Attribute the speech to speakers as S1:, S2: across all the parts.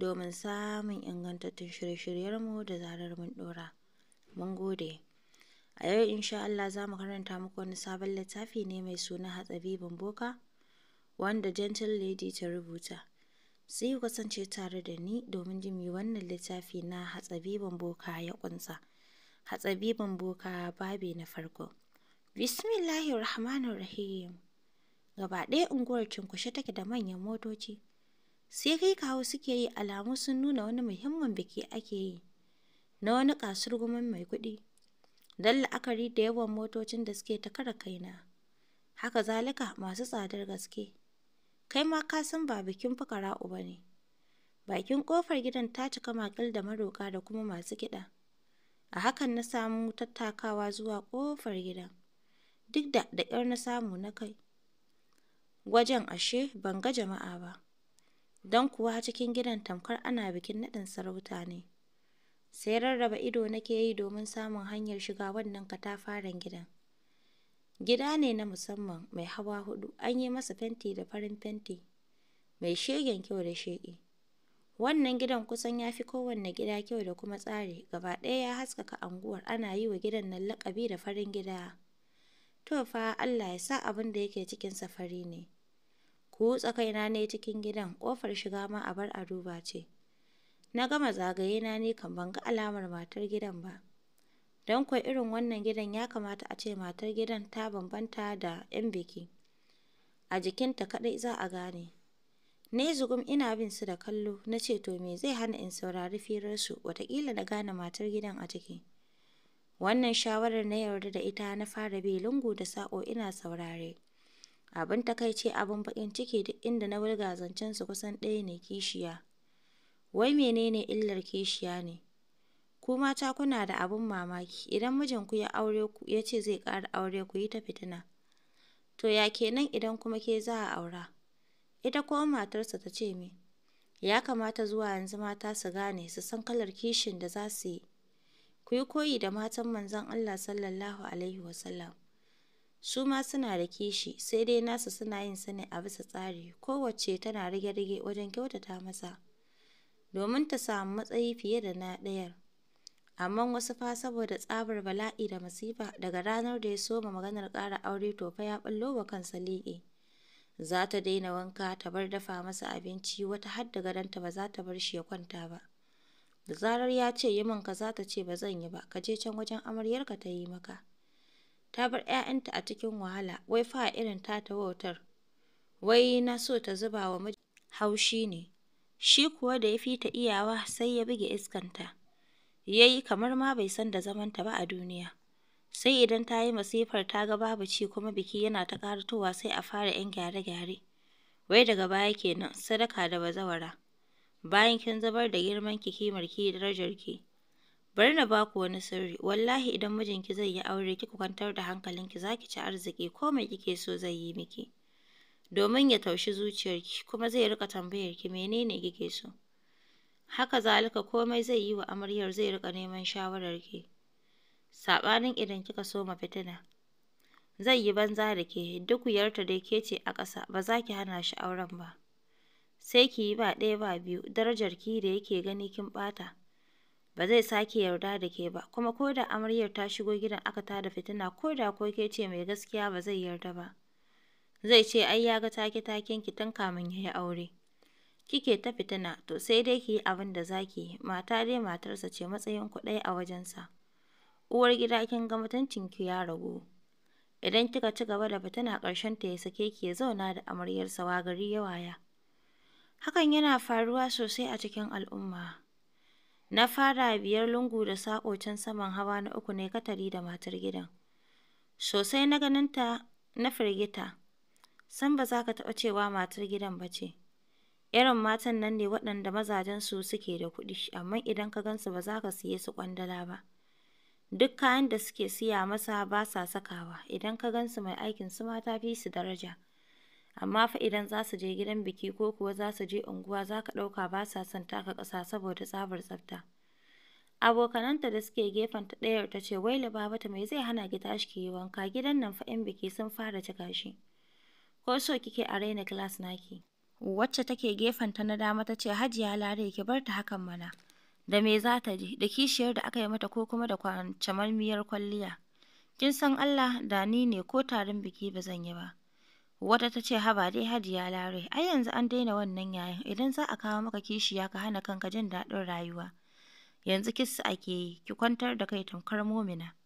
S1: domin samun ingantattun shirye-shiryenmu da zarar mun ɗora. Mun gode. A yau insha Allah za mu karanta muku wani sabon littafi ne mai suna Hatsabibin Boka wanda Gentle Lady ta rubuta. Sai ku kasance tare da ni domin jin wannan littafi na Hatsabibin Boka ya ƙunsa. Hatsabibin Boka babi na farko. Bismillahirrahmanirrahim. Rahmanir Rahim. Gaba ɗaya unguwar cinkushe take da manyan motoci. sai kai kawo suke yi alamu sun nuna wani muhimmin biki ake yi na wani kasurgumin mai kuɗi don la'akari da yawan motocin da suke ta kara kaina haka zalika masu tsadar gaske kai ma ka san ba bikin fukara'u ba ne bakin kofar gidan ta cika makil da maroka da kuma masu kiɗa a hakan na samu tattakawa zuwa kofar gidan duk da da yar na samu na kai wajen ashe ban ga jama'a ba don kuwa cikin gidan tamkar ana bikin naɗin sarauta ne. Sai rarraba ido nake yi domin samun hanyar shiga wannan katafaren gidan. Gida ne na musamman mai hawa hudu. an yi masa fenti da farin fenti, mai shegen kyau da shege Wannan gidan kusan ya fi kowanne gida kyau da kuma tsari, gaba ɗaya ya haskaka anguwar ana yi wa gidan nan laƙabi da farin gida. To fa Allah ya sa abin da yake cikinsa fari ne. ku kaina ne cikin gidan, ƙofar shiga ma abar a duba ce. Na gama zagaye na ne kan ban ga alamar matar gidan ba. Don kuwa irin wannan gidan ya kamata a ce matar gidan ta bambanta da 'yan biki. A jikinta kaɗai za a gane. Ne zugum ina bin su da kallo, na ce to me zai hana in saurari firarsu wataƙila na gane matar gidan a ciki. Wannan shawarar na yarda da ita na fara bi lungu da saƙo ina saurare. Abin takaici, abin bakin ciki, duk inda na wurga su kusan ɗaya ne, kishiya. Wai menene illar kishiya ne? Ku mata kuna da abin mamaki, idan mijinku ya aure ku ya ce zai ƙara aure ku yi ta fitina. To ya kenan idan kuma ke za a aura? Ita ko matarsa ta ce me? Ya kamata zuwa yanzu mata su gane su san kalar kishin da za su yi. Ku yi koyi da matan Manzon Allah Sallallahu Alaihi Wasallam. Su ma suna da kishi, sai dai nasu suna yin su ne a bisa tsari, kowacce tana rage-rage wajen kyautata masa domin ta samu matsayi fiye da na ɗayar. Amma wasu fa saboda tsabar bala'i da masifa daga ranar da ya soma maganar ƙara aure to fa ya ɓallo wa kansa liƙe. Za ta daina wanka ta bar dafa masa abinci wata har da gadonta ba za ta bar shi ya kwanta ba. Da zarar ya ce yi min za ta ce ba zan yi ba, ka je can wajen amaryarka ta yi maka. ta bar ‘ya'yanta a cikin wahala, wai fa a irin tata wautar, wai na so ta zuba wa miji? haushi ne, shi kuwa da ya fi ta iyawa sai ya buge iskanta, ya yi kamar ma bai san da zamanta ba a duniya. Sai idan ta yi masifar ta ga babu ci kuma biki yana ta ƙaratowa sai a fara ‘yan gyare-gyare. Wai daga baya kenan, sadaka da bazawara. Bayan kin zubar da girmanki, kimarki, darajarki. Bari na baku wani sirri, wallahi idan mijinki zai yi aure kika kwantar da hankalinki za ki ci arziki komai kike so zai yi miki. Domin ya taushi zuciyarki kuma zai rika tambayar ki menene kike so. Haka zalika komai zai yi wa amaryar zai rika neman shawarar ki Saɓanin idan kika so soma fitina. Zai yi banza da ke duk yarta da ke ce a ƙasa ba za ki hana shi auren ba. Sai ki yi ba ɗaya ba biyu Darajar ki da yake gani kin ɓata. ba zai sake yarda da ke ba kuma ko da amaryar ta shigo gidan aka da fitina ko da ko ke ce mai gaskiya ba zai yarda ba zai ce ai ya ga take taken ki tun kamin yi aure kike ta fitina to sai dai ki yi abin da zaki mata dai matarsa ce matsayin ku ɗaya a wajensa uwar gida kin ga mutuncin ki ya ragu idan kika ci gaba da fitina ƙarshen ta ya sake ki ya zauna da amaryarsa wa gari ya waya hakan yana faruwa sosai a cikin al'umma Na fara biyar lungu da saƙo can saman hawa na uku ne, katari da matar gidan. Sosai na ganinta na firgita, san ba za ka taɓa cewa matar gidan ba ce. Irin matan nan ne waɗanda mazajensu suke da kuɗi, amma idan ka gansu ba za ka siye su ƙwandala ba. Duk kayan da suke siya masa ba sa sakawa, idan ka gansu mai aikin su ma ta fi su daraja. amma fa idan za su je gidan biki ko kuwa za su je unguwa za ka ɗauka ba sa son taka ƙasa saboda tsabar tsafta. Abokananta da suke gefen ta ɗayar ta ce wai Lubabatu me zai hana ki tashi ki yi wanka gidan nan fa 'yan biki sun fara cika shi. Ko so kike a raina class naki. Wacce take gefen ta na dama ta ce Hajiya Lare ki bar ta hakan mana. Da me za ta ji da kishiyar da aka yi mata ko kuma da kwancamar kwalliya. Kin san Allah da ni ne ko tarin biki ba zan yi ba. Wata ta ce haba dai Hadiya Lare, ai yanzu an daina wannan yayin, idan za a kawo maka kishiya ka hana kanka jin daɗin rayuwa. Yanzu kisa ake yi, ki kwantar da kai tamkar momina.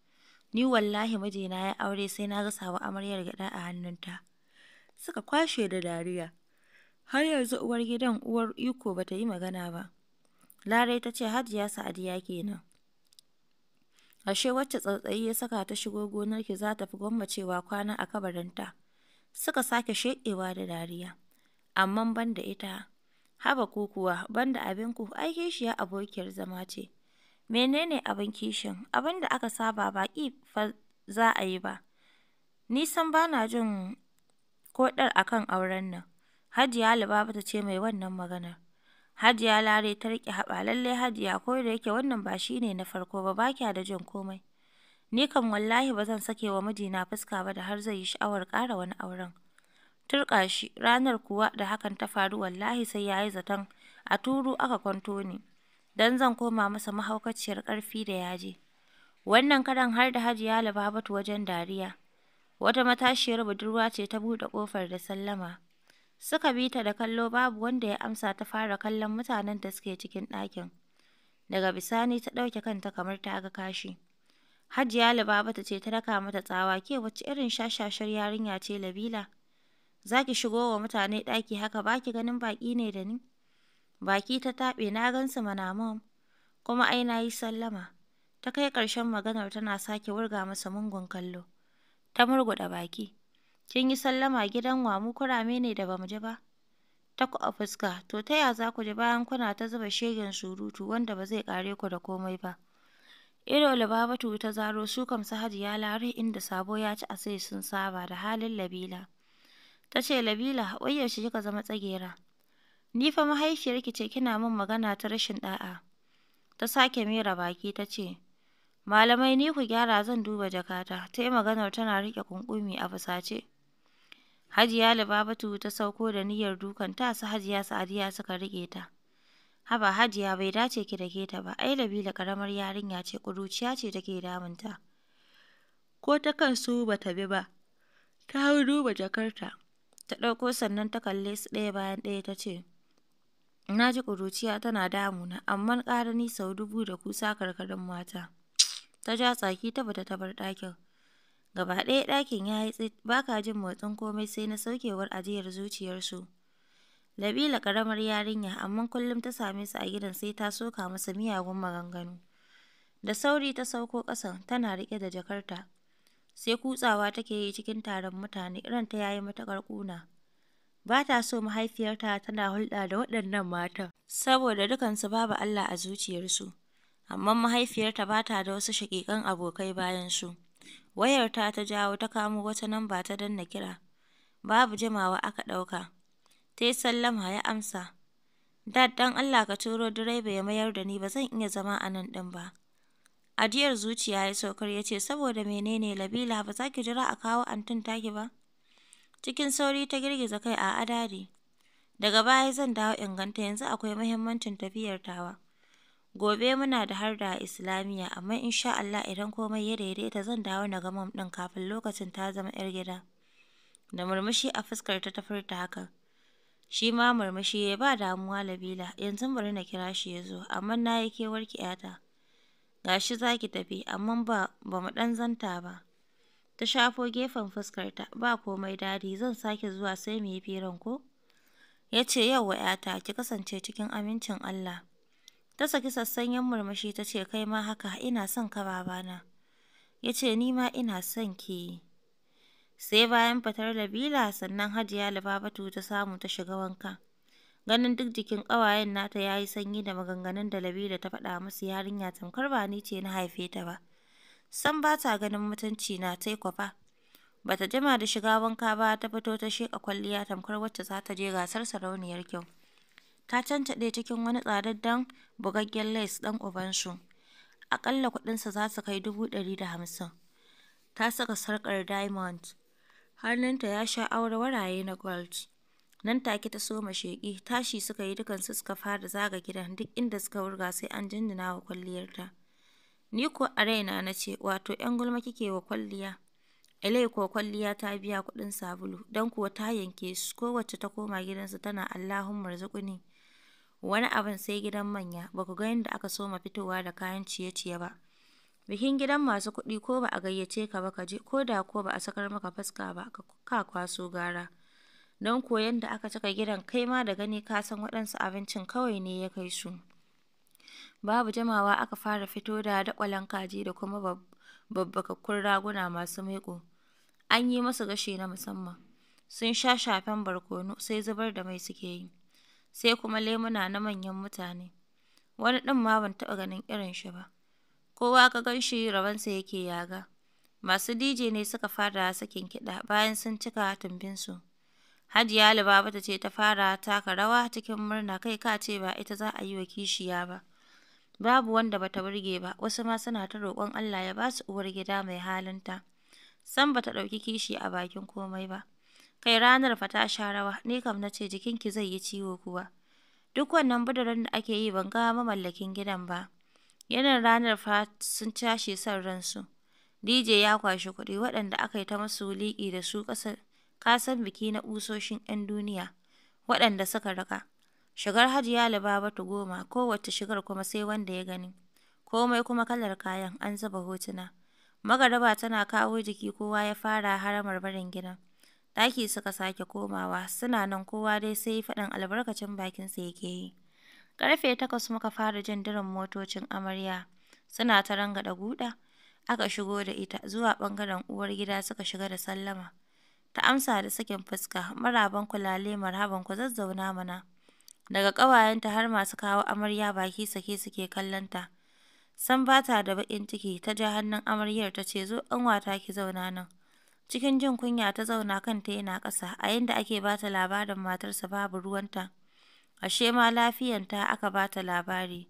S1: Ni wallahi mijina ya aure sai na ga sawa amaryar gyaɗa a hannunta. Suka kwashe da dariya. Har yanzu uwar gidan uwar iko bata yi magana ba. Larai ta ce Hajiya Sa'adiya kenan. Ashe wacce tsatsayi ya saka ta shigo gonarki za ta fi gwammacewa kwana a kabarinta. Suka sake sheƙewa da dariya. Amma ban da ita, haba ku kuwa, ban da abinku, ai kishiya abokiyar zama ce. Menene abin kishin? Abin da aka saba ba ki fa za a yi ba. Ni san ba na jin koɗar akan auren nan. Hajiya Lubabatu ce mai wannan magana. Hajiya Lare ta rike haɓa, lallai Hajiya ko da yake wannan ba shine na farko ba, ba kya da jin komai. Ni kam wallahi ba zan sake wa mijina fuska ba da har zai yi sha'awar ƙara wani auren. Turƙa shi, ranar kuwa da hakan ta faru wallahi sai ya yi zaton a turu aka kwanto ni, dan zan koma masa mahaukaciyar ƙarfi da yaje. Wannan karan har da Hajiya Lubabatu wajen dariya. Wata matashiyar budurwa ce ta buɗe ƙofar da sallama. Suka bi ta da kallo babu wanda ya amsa ta fara kallon mutanen da suke cikin ɗakin. Daga bisani ta ɗauke kanta kamar ta ga kashi. Hajiya Lubabatu ce ta raka mata tsawa, "Ke wacce irin shashashar yarinya ce Labila? Za ki shigo wa mutane ɗaki haka ba ki ganin baƙi ne da ni?" Baki ta taɓe, "Na gansu mana mom, kuma ai na yi sallama." Ta kai ƙarshen maganar tana sake wurga masa mungun kallo. Ta murguɗa baki. Kin yi sallama gidan wa mu kurame ne da bamu ji ba? Ta ku a fuska, to ta ya za ku ji bayan kuna ta zuba shegen surutu wanda ba zai ƙare ku da komai ba? Ido Lubabatu ta zaro, su kam ya Hajiya Lare inda Sabo ya ci a sai sun saba da halin Labila. Ta ce, Labila, wai yaushe kika zama tsagera? Ni fa mahaifiyarki ce kina min magana ta rashin da'a. Ta sake mera baki ta ce, Malamai ni ku gyara zan duba jakata, ta yi maganar tana rike kunkumi a fusace. Hajiya Lubabatu ta sauko da niyyar dukan ta su Hajiya Sa'adiya suka rike ta. Haba Hajiya bai dace ki dake ta ba, ai labila karamar yarinya ce kuruciya ce take damunta. Ko ta kansu ba ta bi ba, ta hau duba jakarta, ta ɗauko sannan ta kalle su ɗaya bayan ɗaya ta ce, Na ji ƙuruciya tana damuna, amma ƙara ni sau dubu da kusa karkarin mata. Ta ja tsaki ta bata ta bar ɗakin. Gaba ɗaya ɗakin ya yi tsit, baka jin motsin komai sai na saukewar ajiyar zuciyarsu. Nabila ƙaramar yarinya amma kullum ta same su a gidan sai ta soka masa miyagun maganganu. Da sauri ta sauko ƙasa tana riƙe da jakarta. Sai kutsawa take yi cikin taron mutane ta yayi mata ƙuna. Ba ta so mahaifiyarta tana hulɗa da waɗannan matan saboda dukansu babu Allah a zuciyarsu. Amma mahaifiyarta ba ta da wasu shaƙiƙan abokai bayan su. Wayarta ta jawo ta kamo wata namba ta danna kira. Babu jimawa aka ɗauka. Ta yi sallama ya amsa. Dad dan Allah ka turo direba ya mayar da ni ba zan iya zama a nan ɗin ba. Ajiyar zuciya ya saukar ya ce saboda menene Labila ba za ki jira a kawo antin taki ba? Cikin sauri ta girgiza kai a adadi. Daga baya zan dawo inganta yanzu akwai mahimmancin tafiyar tawa. Gobe muna da harda a Islamiyya amma insha Allah idan komai ya daidaita zan dawo na gama mom ɗin kafin lokacin ta zama 'yar gida. Da murmushi a fuskar ta ta furta hakan. Shi ma murmushi ya “Ba damuwa Labila.' yanzu bari na kira shi ya zo, amma na yi kewarki ‘yata. Ga shi za ki tafi, amma ba mu ɗan zanta ba.” Ta shafo gefen fuskarta, “Ba komai Dadi, zan sake zuwa sai mu yi firan ko?” ya ce, “Yawwa ‘yata, ki kasance cikin amincin Allah.” Ta saki sassanyen murmushi ta ce, “Kai ma haka, ina son ka babana.” Ya “Ni ma ina son ki.” Sai bayan fitar Nabila sannan Hajiya Lubabatu ta samu ta shiga wanka. Ganin duk jikin ƙawayen nata ya yi sanyi da maganganun da Labila ta faɗa musu yarinya tamkar ba ni ce na haife ta ba. san ba ta ganin mutunci na tai kwafa. Bata jima da shiga wanka ba ta fito ta sheka kwalliya tamkar wacce za ta je gasar sarauniyar kyau. Ta cancaɗe cikin wani tsadaddan bugaggen lace ɗan ubansu. Aƙalla kuɗinsa za su kai dubu ɗari da hamsin. Ta saka sarƙar diamond hannunta ya sha waraye na Gold. Nan take ta soma sheƙi, tashi suka yi dukansu suka fara zaga gidan duk inda suka wurga sai an jinjina wa kwalliyarta. Ni ko a raina na ce, wato ‘yan gulma kike wa kwalliya. Elai ko kwalliya ta biya kuɗin sabulu, don kuwa ta yanke su kowacce ta koma gidansu tana allahun marzukuni Wani abin sai gidan manya, ba ku ga yadda aka soma fitowa da kayan ciye-ciye ba. Bikin gidan masu kuɗi ko ba a gayyace ka ba ka je, ko da ko ba a sakar maka fuska ba, ka kwaso gara. Don ko da aka cika gidan kai ma da gani ka san waɗansu abincin kawai ne ya kai su. Babu jamawa aka fara fito da daƙwalan kaji da kuma babbakakkun raguna masu maiko. An yi masu gashi na musamman. Sun sha shafen barkono sai zubar da mai suke yi. Sai kuma lemuna na manyan mutane. Wani ɗin ma ban taɓa ganin irin shi ba. kowa ka gan shi rabonsa yake ya ga. Masu DJ ne suka fara sakin kiɗa bayan sun cika tumbinsu. Hajiya Lubabatu ce ta fara taka rawa cikin murna kai ka ce ba ita za a yi wa kishiya ba. Babu wanda bata burge ba, wasu ma suna ta roƙon Allah ya ba su uwar gida mai halinta. san bata ɗauki kishi a bakin komai ba. Kai ranar fa ta sha rawa, ni kam na ce jikinki zai yi ciwo kuwa. Duk wannan budurin da ake yi ban ga mamallakin gidan ba. Yanar ranar fa sun cashe son ransu, DJ ya kwashi kuɗi waɗanda aka yi ta masu liƙi da su kasan biki na ƙusoshin 'yan duniya waɗanda suka raka, shigar Hajiya Lubabatu goma kowacce shigar kuma sai wanda ya gani, komai kuma kalar kayan an zuba hotuna, magaraba tana kawo jiki kowa ya fara haramar barin ginin. ɗaki suka sake komawa, suna nan kowa dai sai faɗin albarkacin bakinsa yake yi. Ƙarfe takwas muka fara jin dirin motocin amarya suna ta rangada guda, aka shigo da ita zuwa ɓangaren gida suka shiga da sallama. Ta amsa da sakin fuska, "Maraban ku lale, marhaban ku zazzauna mana." Daga ƙawayenta har masu kawo amarya baki sake suke kallon ta. bata ba da baƙin ciki, ta ja hannun amaryar ta ce, "Zo wata ki zauna nan." Cikin jin kunya ta zauna kanta yana ƙasa, a yanda ake ba ta labarin matarsa babu ruwanta. ashe ma lafiyanta aka bata labari.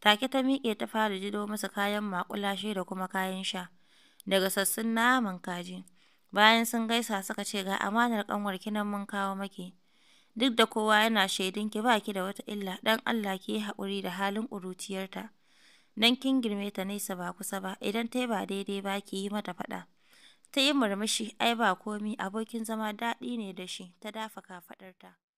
S1: Take ta miƙe ta fara jido masa kayan maƙulashe da kuma kayan sha daga sassun naman kaji. Bayan sun gaisa suka ce ga amanar ƙanwarki nan mun kawo maki. Duk da kowa yana shaidun ki ba ki da wata illa dan Allah ki yi haƙuri da halin ƙuruciyarta. Dan kin girme ta nesa ba kusa ba idan ta ba daidai ba ki yi mata faɗa. Ta yi murmushi ai ba komi abokin zama daɗi ne da shi ta dafa kafaɗarta.